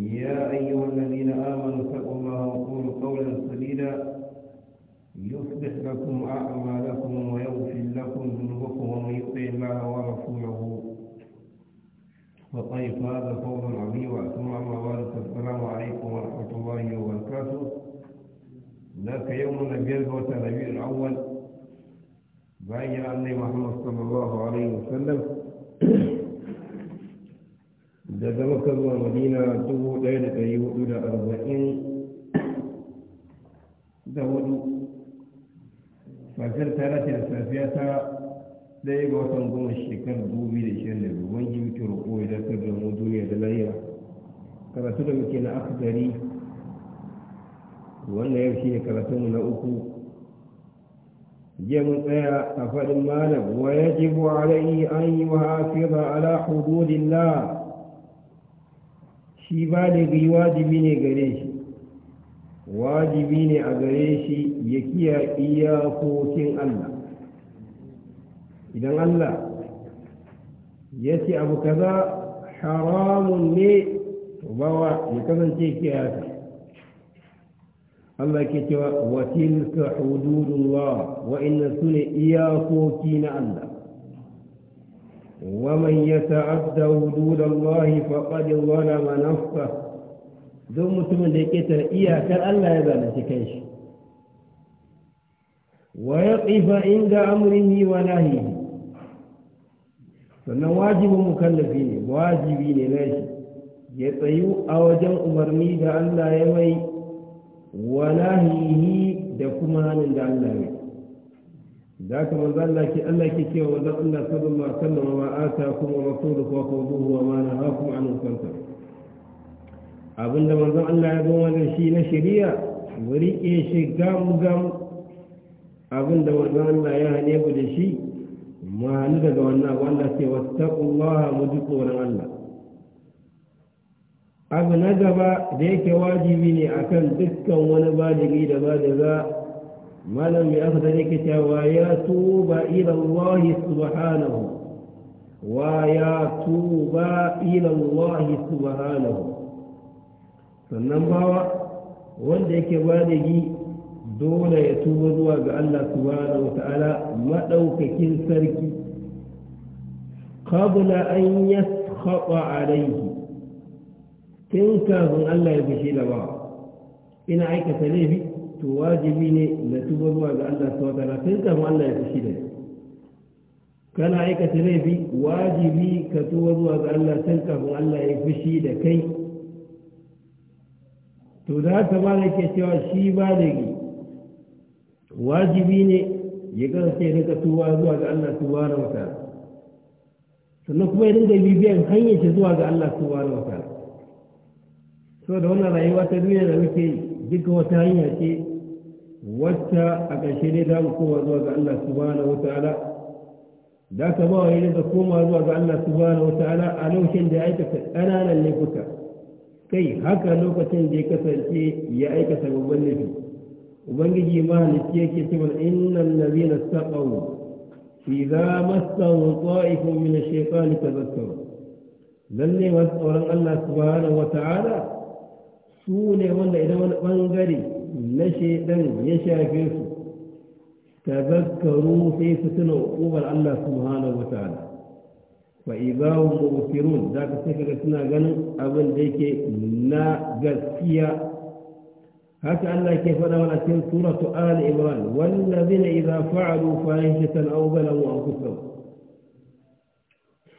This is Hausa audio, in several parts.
يا أيها الذين آمنوا اتقوا الله وقولوا قولا سديدا يصلح لكم أعمالكم ويغفر لكم ذنوبكم ومن يطع الله ورسوله فطيب هذا فوضا عظيما ثم أما بعد فالسلام عليكم ورحمة الله وبركاته ذاك يوم الجلد وتنبيه الأول بين النبي محمد صلى الله عليه وسلم da zama ka zuwa madina dubu ɗaya da ɗari hudu da arba'in da hudu fasar ta safiya ta ɗaya ga watan goma shekarar dubu biyu da shirin da biyu wani jimi ki roƙo ya dakar da duniya da lahira karatu da muke na akadari wannan yau shi ne karatunmu na uku jiya mun tsaya a جمع أفضل مالك ويجب عليه أن يحافظ على حدود الله shi baligi wajibi ne gare shi wajibi ne a gare shi ya kiya iyakokin Allah idan Allah ya ce abu kaza haramun ne bawa ya kasance kiyasa Allah ke cewa wa tilka hududullah wa su sune iyakoki na Allah ومن يتعد حدود الله فقد ظلم نفسه duk mutumin da ya ƙetare iyakar Allah ya zalunci kanshi wa ya tsifa inda amrihi wa nahihi sannan wajibin mukallafi ne wajibi ne na shi ya tsayu a wajen umarni da Allah ya mai wa nahihi da kuma hannun da da haka manzo Allah ke Allah ke cewa wannan Allah sallallahu alaihi wasallam ma atakum rasuluhu wa qawluhu wa ma nahakum an kunta abinda manzo Allah ya zo wannan shi na shari'a wuri ke shi gam gam abinda manzo Allah ya hane ku da shi mu hannu daga wannan wanda ce wattaqullaha mu ji Allah abu na gaba da yake wajibi ne akan dukkan wani baligi da baliga ولم يأخذ كتاب ويا إلى الله سبحانه ويا إلى الله سبحانه فالنمبر وندك والدي دون يتوب ذو الله سبحانه وتعالى ما لوك كل سرك قبل أن يسخط عليه تنكر الله يبشي الله إن عيك سليفي to wajibi ne da tuba zuwa ga Allah wata na sai kama Allah ya fushi da kana aikata laifi wajibi ka tuba zuwa ga Allah sai kama Allah ya fushi da kai to da ta ba da ke cewa shi ba da wajibi ne ya kasance rinka tuba zuwa ga Allah subhanahu wata. sannan kuma ya dinga bibiyan hanyar shi zuwa ga Allah subhanahu wata. Sau da wannan rayuwa ta duniya da muke yi duka wata hanya ce wata a ƙarshe ne za mu koma zuwa ga Allah subhanahu wa ta'ala da ka ba wani da koma zuwa ga Allah subhanahu wa ta'ala a lokacin da ya aikata ƙananan laifuka kai haka lokacin da ya kasance ya aikata babban laifi ubangiji ma halitta yake cewa innal ladina taqaw إذا مسهم طائف من الشيطان تذكروا lalle wa tsoron Allah subhanahu wa ta'ala su ne wanda idan wani ɓangare na shaidan ya shafe su tazakkaru sai su tuna hukumar Allah subhanahu wa ta'ala fa idahum mubsirun za ka sai suna ganin abin da yake na gaskiya haka Allah ke faɗa mana cikin suratu al imran wallazina idza fa'alu fahishatan aw zalamu anfusahum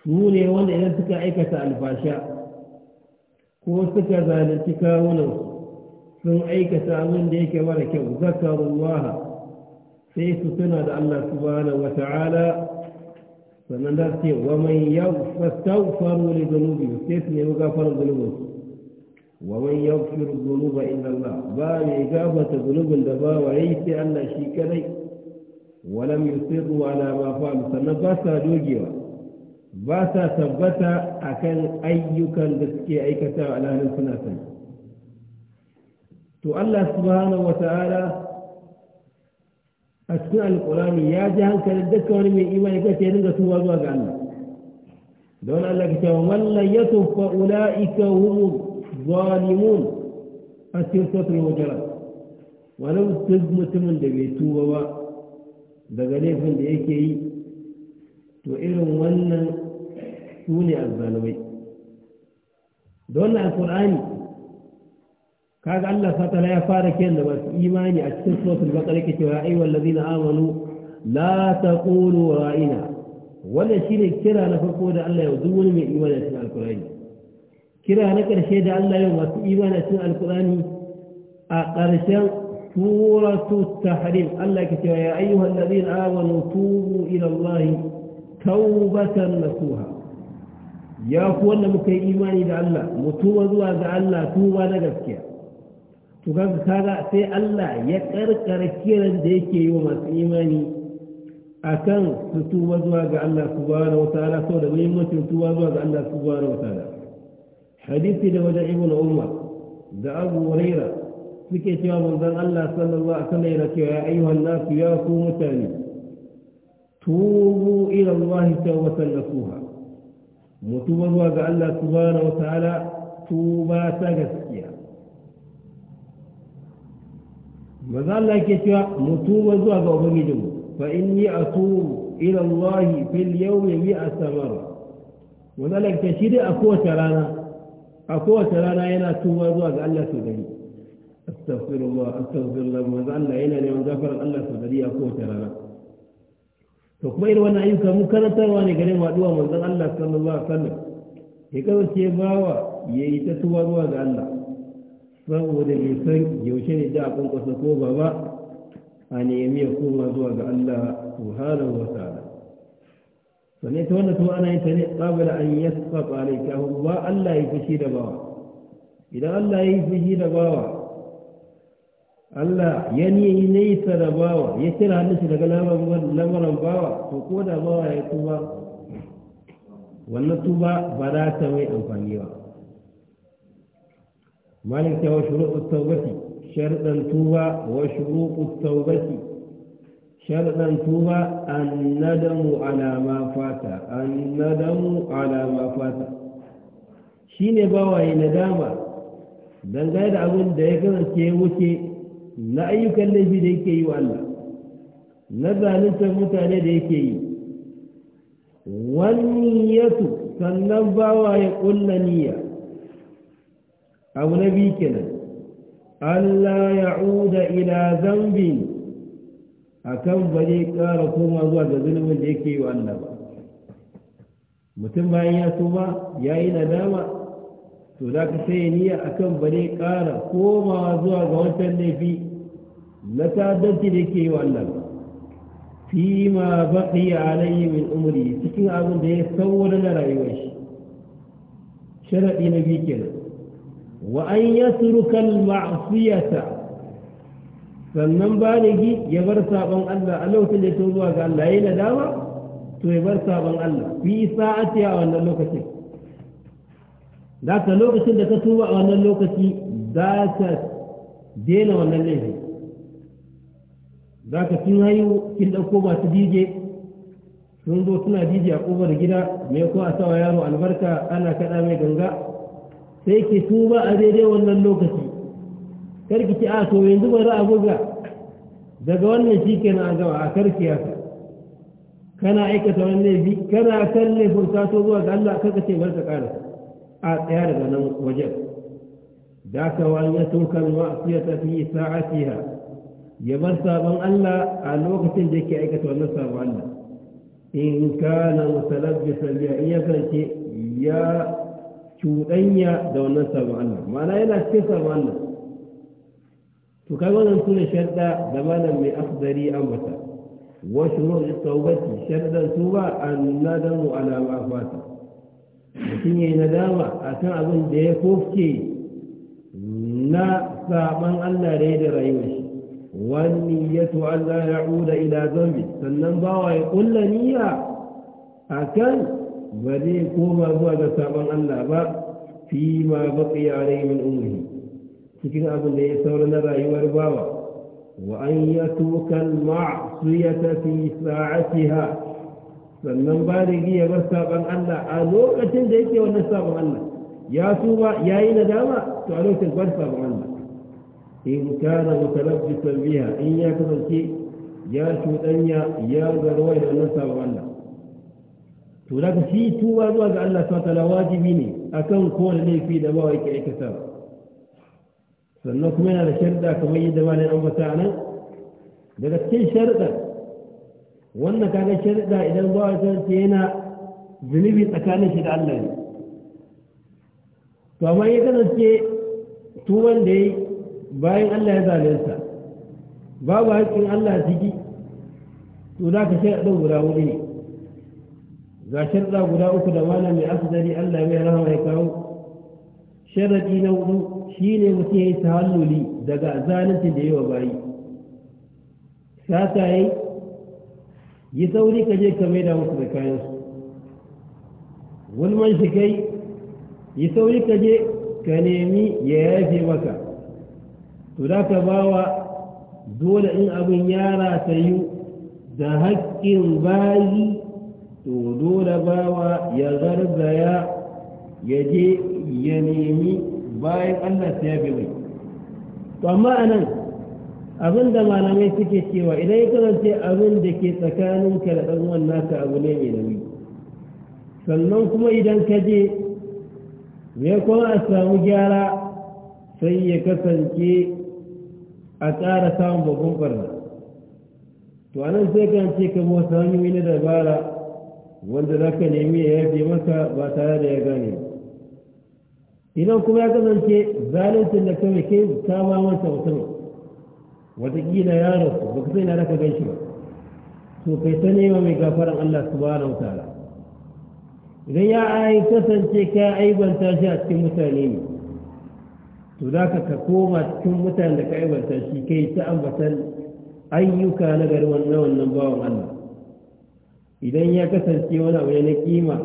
su ne wanda idan suka aikata alfasha ko suka zalunci kawunansu sun aikata abin da yake mara kyau zakarun waha sai su tuna da Allah subhanahu ta'ala sannan da ce wa mai yau man yaghfiru li dhunubi sai su nemi gafarar dhunubinsu wa mai yau yaghfiru zunuba inda Allah ba mai gafata zunubin da ba wa yi sai Allah shi kadai ولم يصروا على ما faru sannan ba sa dogewa ba sa tabbata akan ayyukan da suke aikata a suna sani to Allah subhanahu wata'ala a cikin alkurani ya ji hankalin dukkan wani mai imani kai sai dinga tuwa zuwa ga Allah Don Allah ka cewa wallan ya tufa ula'ika humu zalimun a cikin sautar mujara wani duk mutumin da bai tuwa ba daga laifin da yake yi to irin wannan su ne azzalumai don alkurani kaga Allah fatala ya fara kiyan da masu imani a cikin suratul baqara yake cewa ai wallazina amanu la taqulu ra'ina wannan shine kira na farko da Allah ya duk wani mai imani a cikin alkurani kira na karshe da Allah ya masu imani a cikin alkurani a ƙarshen suratu tahrim Allah ke cewa ya ayyuhal ladina amanu tubu ila Allah tawbatan nasuha ya ku wanda muka yi imani da Allah mutuwa zuwa ga Allah tuba na gaskiya to kaga sai Allah ya karkara kiran da yake yi wa masu imani akan su tuba zuwa ga Allah subhanahu wa ta'ala so da muhimmancin tuba zuwa ga Allah subhanahu wa ta'ala hadisi da wajen ibn umar da abu huraira suke cewa manzon Allah sallallahu alaihi wasallam yana cewa ya ayyuhan nas ya ku mutane tubu ila Allah tawbatan nasuha mu tuba zuwa ga Allah subhanahu wa ta'ala tuba ta gaskiya maza Allah ke cewa mu mutuba zuwa ga ubangijin fa inni atubu ila Allah fil yawmi mi'a samara maza Allah ke shi dai a kowace rana a kowace rana yana tuba zuwa ga Allah sau dari astaghfirullah astaghfirullah manzo Allah yana neman gafarar Allah sau dari a kowace rana to kuma irin wannan ayyuka mu karantarwa ne gare mu addu'a manzon Allah sallallahu alaihi wasallam ya kasance bawa yayi ta tuba zuwa ga Allah saboda bai san yaushe ne da a kwankwasa ko ba ba a nemi ya koma zuwa ga Allah subhanahu wa ta'ala sanne ta wannan kuma ana yin ta ne qabla an yasfa alayka wa Allah ya fushi da bawa idan Allah ya fushi da bawa Allah ya niyi nesa da bawa ya kira shi daga lamarin bawa to ko da bawa ya tuba wannan tuba ba za ta mai amfani ba مالك وشروط التوبة شرطا توبة وشروط التوبة شرطا توبة الندم على ما فات الندم على ما فات شين باوي ندامة dangane da abin da ya kasance wuce na ayyukan laifi da yake yi wa Allah na zalunta mutane da yake yi wani yasu sannan bawa ya ƙulla niyya abu na biyu kenan Allah ya uda ila zambin akan ba zai ƙara koma zuwa ga zulumin da yake yi wa Allah ba mutum bayan ya tuba ya yi nadama to za ka sai niyya akan ba zai ƙara komawa zuwa ga wancan laifi na tadarci da yake yi wa Allah ba fi ma baƙi alayhi min umri cikin abin da ya saurara na rayuwar shi sharaɗi na biyu kenan وأن يترك المعصية sannan gi ya bar sabon Allah a lokacin da ya to zuwa ga Allah ya yi nadama to ya bar sabon Allah fi sa'ati a wannan lokacin da ka lokacin da ka tuba a wannan lokaci za ka dena wannan laifi za ka kin hayu kin ɗauko masu dije sun zo suna dije a kofar gida me ko a sawa yaro albarka ana kaɗa mai ganga sai ki tuba a daidai wannan lokaci karki ci a to yanzu bari a buga daga wannan shi ke a gaba a karki ya kana aikata wani laifi kana kan laifin to zuwa ga Allah kaka ce barka kara a tsaya daga nan wajen daka wa ya tuka fi sa'atiha ya bar sabon Allah a lokacin da yake aikata wannan sabon Allah in kana mutalabbisan biya in ya kance ya cuɗanya da wannan sabon Allah ma'ana yana cikin sabon Allah to kai wannan sune sharda da malam mai an ambata wa shurur tawbati shardan tuba nadamu ala ma fata mutum yayi nadama akan abin da ya kofke na saban Allah da ya da rayuwa shi wani ya Allah ya uda ila zambi sannan bawa ya kulla niyya akan ba zai koma zuwa ga sabon Allah ba fi ma baƙi a min umri cikin abin da ya saura na rayuwar bawa wa an ya tukan ya tafi fi ha? sannan ba da giya bar sabon Allah a lokacin da yake wannan sabon Allah ya tuba ya yi nadama to a lokacin bar sabon Allah in kana mutalabbisan biha in ya kasance ya cuɗanya ya garwaya da wannan sabon Allah to da ka shi tuwa zuwa ga Allah subhanahu wataala wajibi ne akan kowane laifi da bawa yake aikata sannan kuma yana da sharda kamar yadda ba ne ambata nan daga cikin sharda wannan kaga sharda idan bawa ta yana zunubi tsakanin shi da Allah ne to amma ya kasance tuwan da ya bayan Allah ya zalunta babu haƙƙin Allah ciki to za ka sharda guda wuri ne ga sharda guda uku da malam mai asali Allah ya rahama ya kawo sharadi na hudu shine mutum ya yi tahalluli daga zalunci da yawa bayi sata yi yi sauri ka je ka maida musu da kayan su gulman shi kai yi sauri ka je ka nemi ya yafe maka to da ka bawa dole in abin yara ta yi da haƙƙin bayi to da bawa ya garzaya ya je ya nemi bayan Allah ta yabe mai to amma anan abin da malamai suke cewa idan ya karance abin da ke tsakanin ka da ɗan naka abu ne mai nauyi sannan kuma idan ka je ya kuma a samu gyara sai ya kasance a ƙara samun babban ɓarna to anan sai kan ce ka wasu hanyoyi na dabara wanda za ka nemi ya yafe maka ba tare da ya gane ba idan kuma ya kasance zalintin da kawai kai ta ma masa mutum wataƙila ya rasu ba ka sai na raka ganshi ba to kai ta nema mai gafaran Allah subhanahu wa ta'ala idan ya ai kasance ka aibanta shi a cikin mutane ne to za ka ka koma cikin mutane da ka aibanta shi kai ta ambatan ayyuka na gari wannan wannan bawan Allah idan ya kasance wani abu na kima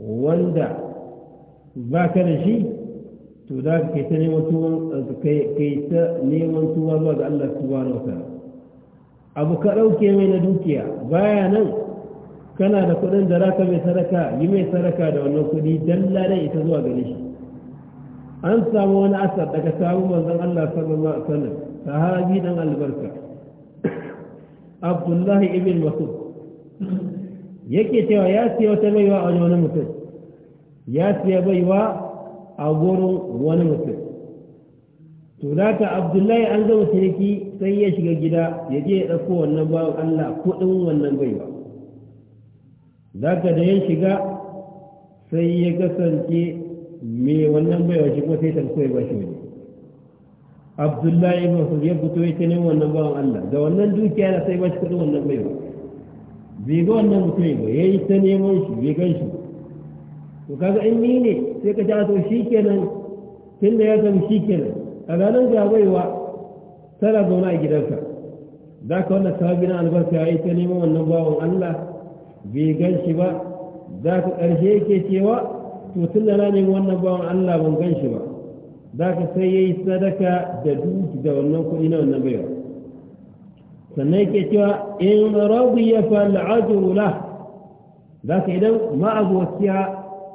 wanda ba ka da shi to za ka kai ta neman tuwa zuwa ga Allah subhanahu wa abu ka ɗauke mai na dukiya baya nan kana da kuɗin da raka mai saraka yi mai saraka da wannan kuɗi don da ita zuwa gani shi an samu wani asar daga samun manzan Allah sallallahu alaihi wasallam sahabi dan albarka Abdullahi ibn Mas'ud yake cewa ya siya wata baiwa a wani mutum ya siya baiwa a gurin wani mutum to da ta abdullahi an zama sarki sai ya shiga gida ya je ya ɗauko wannan bawan allah kuɗin wannan baiwa da ka da ya shiga sai ya kasance me wannan baiwa shi kuma sai ta koyi ba shi wani abdullahi ibn ya fito ya ce ne wannan bawan allah da wannan dukiya na sai ba shi kuɗin wannan baiwa bai ga wannan mutumin ba ya yi ta neman shi bai gan shi to kaga in ni ne sai ka ja shi kenan tun da ya san shi kenan a ranar jagoyewa tana zaune a gidanka za ka wannan sahabi albarka ya yi ta neman wannan bawan allah bai gan shi ba za ka ƙarshe yake cewa to tun da na neman wannan bawan allah ban gan shi ba za ka sai ya yi sadaka da duk da wannan kuɗi na wannan baiwa sannan yake cewa in radiya fal ajru lah zaka idan ma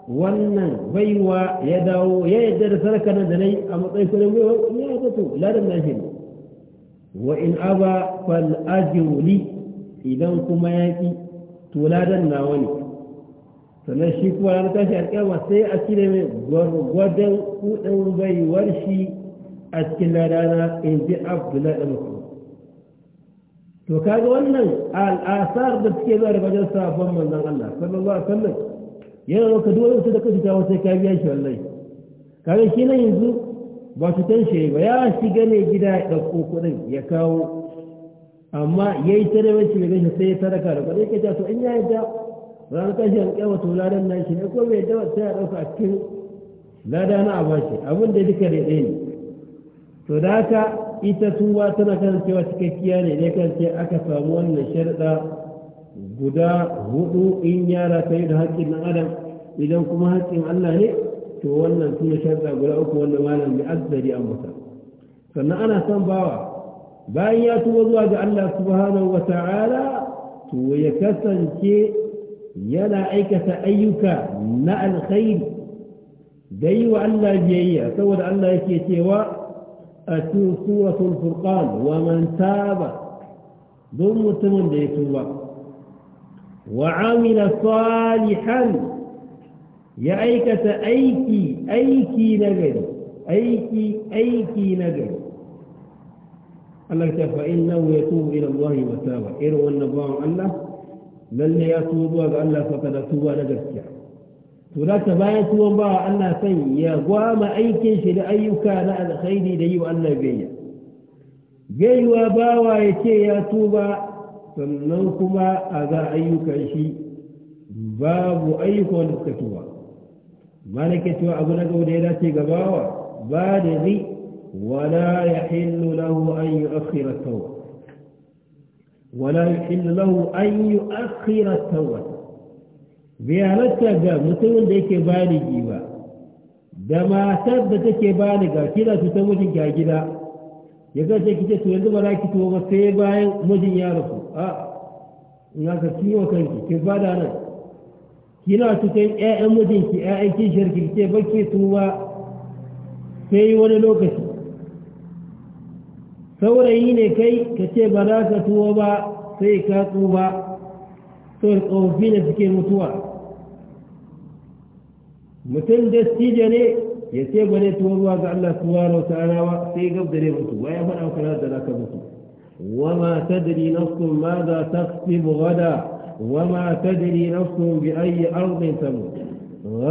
wannan baiwa ya dawo ya yadda da sarka da nai a matsayin kudin baiwa ya yi to ladan na shi wa in aba fal ajru li idan kuma ya ki to ladan na wani sannan shi kuma ranar tashi alƙiyama sai a cire mai gwargwadon kudin baiwar shi a cikin ladana in ji abdullahi da mutum to kaga wannan al'asar da suke zuwa da bajar sabon manzon Allah sallallahu alaihi wasallam yana maka duk wani da kashi tawo sai ka shi wallahi kaga shi nan yanzu ba su tan shi ba ya shiga ne gida ya ɗauko kuɗin ya kawo amma ya yayi tarawanci ga gashi sai ya sadaka da kuɗi ta to in ya yi za ran kashi an kyawa to ladan nan shi ne ko bai yadda sai ya dauka a cikin lada na bashi, abin da duka da ɗaya ne to da haka ita tuba tana cewa cikakkiya ne ne kan ce aka samu wannan sharda guda hudu in yara ta yi da haƙƙin ɗan adam idan kuma haƙƙin Allah ne to wannan su sharda guda uku wanda malam bi azzari an musa sannan ana son bawa bayan ya tuba zuwa ga Allah subhanahu wa ta'ala to ya kasance yana aikata ayyuka na alkhairi da yi wa Allah biyayya saboda Allah yake cewa أتو سورة الفرقان ومن تاب ضم تمن ديتوبا وعمل صالحا يا أيكة أيكي أيكي نجري أيكي أيكي نجد الله تعالى فإنه يتوب إلى الله وتابا إرو النبوة الله لن يتوب الله فقد نجد يعني. تراك بايت وما أن سين يقام أيك في الأيك أنا الخير لي وأن بيا جي وبا وايك يا توبا فلنكما أذا أيك شيء باب أيك ونكتوا مالك تو أبو نجو ديرا تي جباوا أن يؤخر التوبة ولا يحل له أن يؤخر التوبة bai halatta ga mutumin da yake baligi ba da matar da take baliga kina su ta mijin a gida ya sai kice to yanzu ba za ki tuwo ba sai bayan mijin ya rasu a ina ka kiwo kanki ki ba da nan kina su kai ƴaƴan ki ƴaƴan kishiyar ki ce bakke tuwa sai wani lokaci saurayi ne kai ka ce ba za ka tuwo ba sai ka ba sai ƙofi da suke mutuwa mutum da stije ne ya ce ba zai tuwo ga Allah su wa ta'ala ba sai gabdare mutu waya faɗa maka da ka mutu wama tadri nafsun ma za taksibu gada wama tadri nafsun bi ayi ardin samu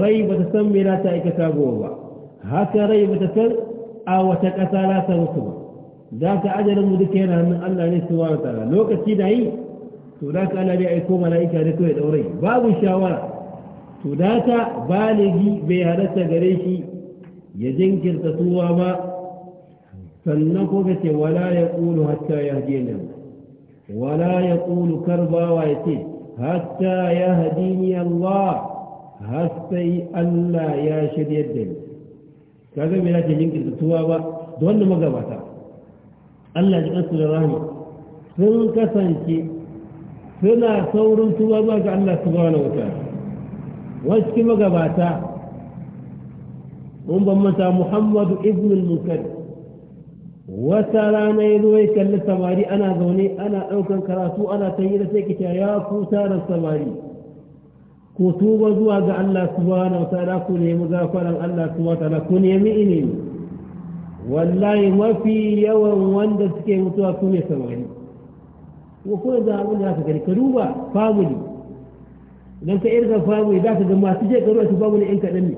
rai ba ta san me za ta aikata gobe ba haka rai ba ta san a wata ƙasa za ta mutu ba za ka ajiyar mu duka yana hannun Allah ne su wa ta lokaci da yi to za ka Allah ne aiko mala'ika ne kawai ɗaurai babu shawara to baligi bai halatta gare shi ya jinkirta tuwa ba sannan ko ka ce wala ya ƙulu hatta ya hajjena wala ya ƙulu karbawa ya ce hatta ya hajjini Allah har sai Allah ya shirya da ni kaga me yake jinkirta tuwa ba da wanda magabata Allah ya kansu da rahama sun kasance suna saurin tuwa ba ga Allah subhanahu wataala wasu cikin magabata mun ban manta muhammadu ibnul mukari wata rana ya zo ya kalli samari ana zaune ana ɗaukan karatu ana ta yi da sai kita ya ku tarar samari ku tuba zuwa ga Allah subhanahu wa ta'ala ku nemi gafaran Allah subhanahu wa ta'ala ku nemi ilimi wallahi mafi yawan wanda suke mutuwa su ne samari ko kuma da abin da aka gani ka duba family idan ka irga family za ka ga masu shekaru a su ne in kaɗan ne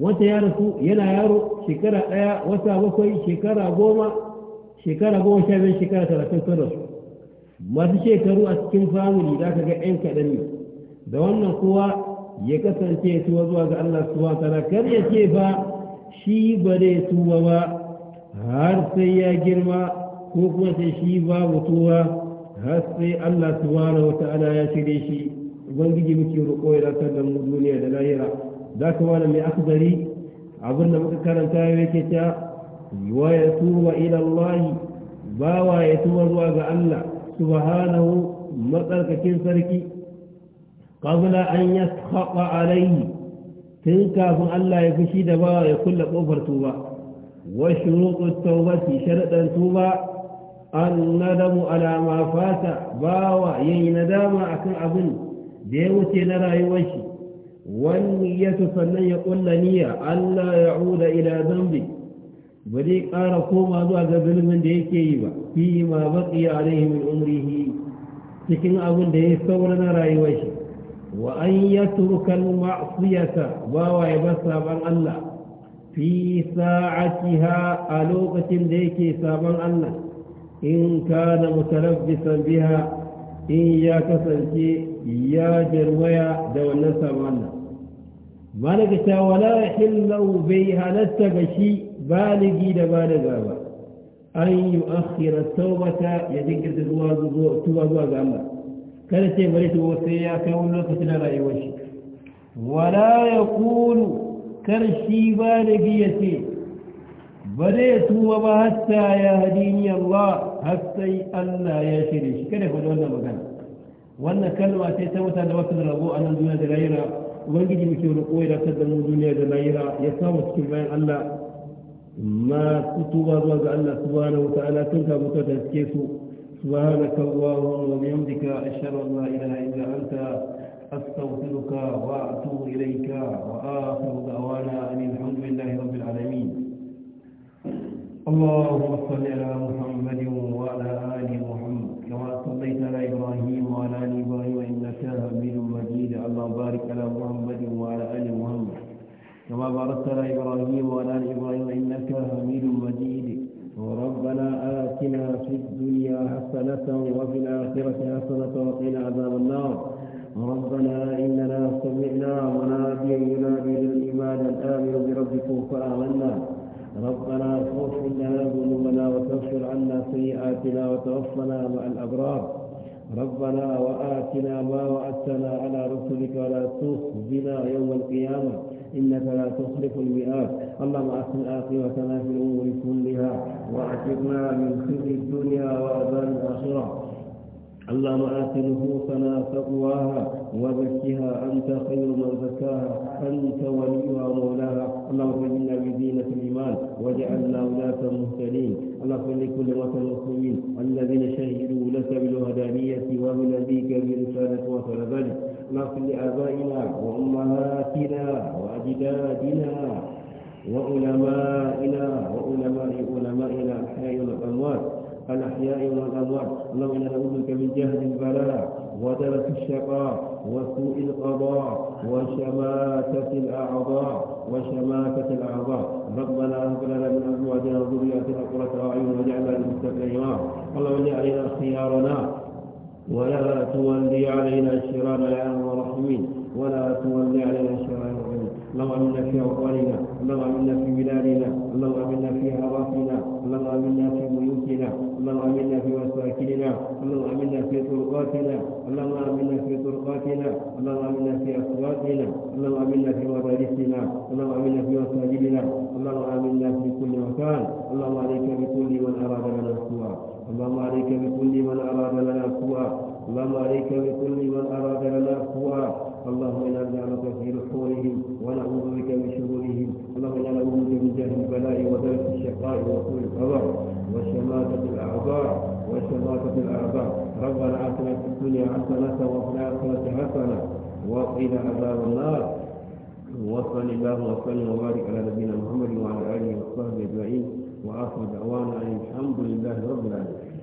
wata yara su yana yaro shekara ɗaya wata bakwai shekara goma shekara goma sha biyar shekara talatin sun masu shekaru a cikin family za ka ga yan kaɗan ne da wannan kowa ya kasance ya tuwa zuwa ga Allah suwa tara kar ya ce fa shi ba zai tuwa ba har sai ya girma ko kuma sai shi ba mutuwa har sai Allah subhanahu wa ta'ala ya shirye shi ubangiji muke roƙo ya dace da mu duniya da lahira za ka wani mai akzari abin da muka karanta ya yake ta wa ya tuba ila Allah ba wa ya tuba zuwa ga Allah subhanahu matsarkakin sarki qabla an yaskhata alayhi tun kafin Allah ya fushi da ba ya kulla kofar tuba wa shuruqut tawbati sharadan tuba an nadamu الندم على ما فات باوى nadama akan abin da ya wuce na rayuwar shi wani ya sannan ya ƙulla niyya Allah ya uda ila zambi ba zai ƙara koma zuwa ga zulmin da yake yi ba fi ma baƙi a min umrihi cikin abin da ya saura na rayuwar shi wa an ya turkan ma'asiyata ba wa ya bar sabon Allah fi sa'atiha a lokacin da yake sabon Allah in kana bisan biha in ya kasance ya jarwaya da wannan sabon nan malaka ta wala hillau bai halatta ga shi baligi da baliga ba an yi akhira taubata ya jinkirta zuwa zuwa zuwa ga Allah kada ce bari tuba sai ya kai wani lokacin na rayuwar shi wala ya kulu kar shi baligi ya ce ba zai tuba ba hatta ya hadini Allah har sai Allah ya shirin shi kada ku da wannan magana wannan kalma sai ta mutane da wasu rago a nan duniya da lahira ubangiji muke roƙo ya dakatar da mu duniya da lahira ya samu cikin bayan Allah ma su tuba zuwa ga Allah subhanahu wata'ala tun ka mutu da suke su subhanaka allahumma wa bihamdika ashhadu an la ilaha illa anta astaghfiruka wa atubu ilayka wa akhiru da'wana alhamdulillahi rabbil alamin اللهم صل على محمد وعلى ال محمد كما صليت على ابراهيم باركت على إبراهيم وعلى آل إبراهيم إنك حميد مجيد ربنا آتنا في الدنيا حسنة وفي الآخرة حسنة وقنا عذاب النار ربنا إننا سمعنا مناديا ينادي للإيمان الآمن بربكم فآمنا ربنا اغفر لنا ذنوبنا وتغفر عنا سيئاتنا وتوفنا مع الأبرار ربنا وآتنا ما وعدتنا على رسلك ولا تخزنا يوم القيامة إنك لا تخلف المئات اللهم أحسن العاقبتنا في الأمور كلها وأعتقنا من خزي الدنيا وعذاب الآخرة اللهم آت نفوسنا تقواها وزكها أنت خير من زكاها أنت وليها ومولاها اللهم اجعلنا بزينة الإيمان واجعلنا ولاة مهتدين اللهم لكل وطن المسلمين الذين شهدوا لك بالوهدانية وبنبيك برسالة وصل ذلك واغفر لآبائنا وأمهاتنا وأجدادنا وعلمائنا وعلماء علمائنا الحياء والأموات الأحياء والأموات اللهم إنا نعوذ بك من جهل البلاء ودرس الشقاء وسوء القضاء وشماتة الأعضاء وشماتة الأعضاء ربنا هب لنا من أزواجنا وذرياتنا قرة أعين واجعلنا للمتقين اللهم اجعل علينا خيارنا ولا تولي علينا شرا العام ورحمين ولا تولي علينا شرا الشرار اللهم امنا في اوطاننا اللهم امنا في بلادنا اللهم امنا في عراقنا اللهم امنا في بيوتنا اللهم امنا في مساكننا اللهم امنا في طرقاتنا اللهم امنا في طرقاتنا اللهم امنا في اسواقنا اللهم امنا في مدارسنا اللهم امنا في مساجدنا اللهم امنا في كل مكان اللهم عليك بكل من اراد لنا سوءا اللهم عليك بكل من اراد لنا سوءا اللهم عليك بكل من اراد لنا سوءا اللهم انا نجعلك في نحورهم ونعوذ بك من شرورهم اللهم انا نعوذ بك من جهل البلاء ودرك الشقاء وطول القضاء وشماتة الاعضاء وشماتة الاعضاء ربنا اتنا في الدنيا حسنة وفي الاخرة حسنة وقنا عذاب النار وصل الله وسلم وبارك على نبينا محمد وعلى اله وصحبه اجمعين واخر دعوانا ان الحمد لله رب العالمين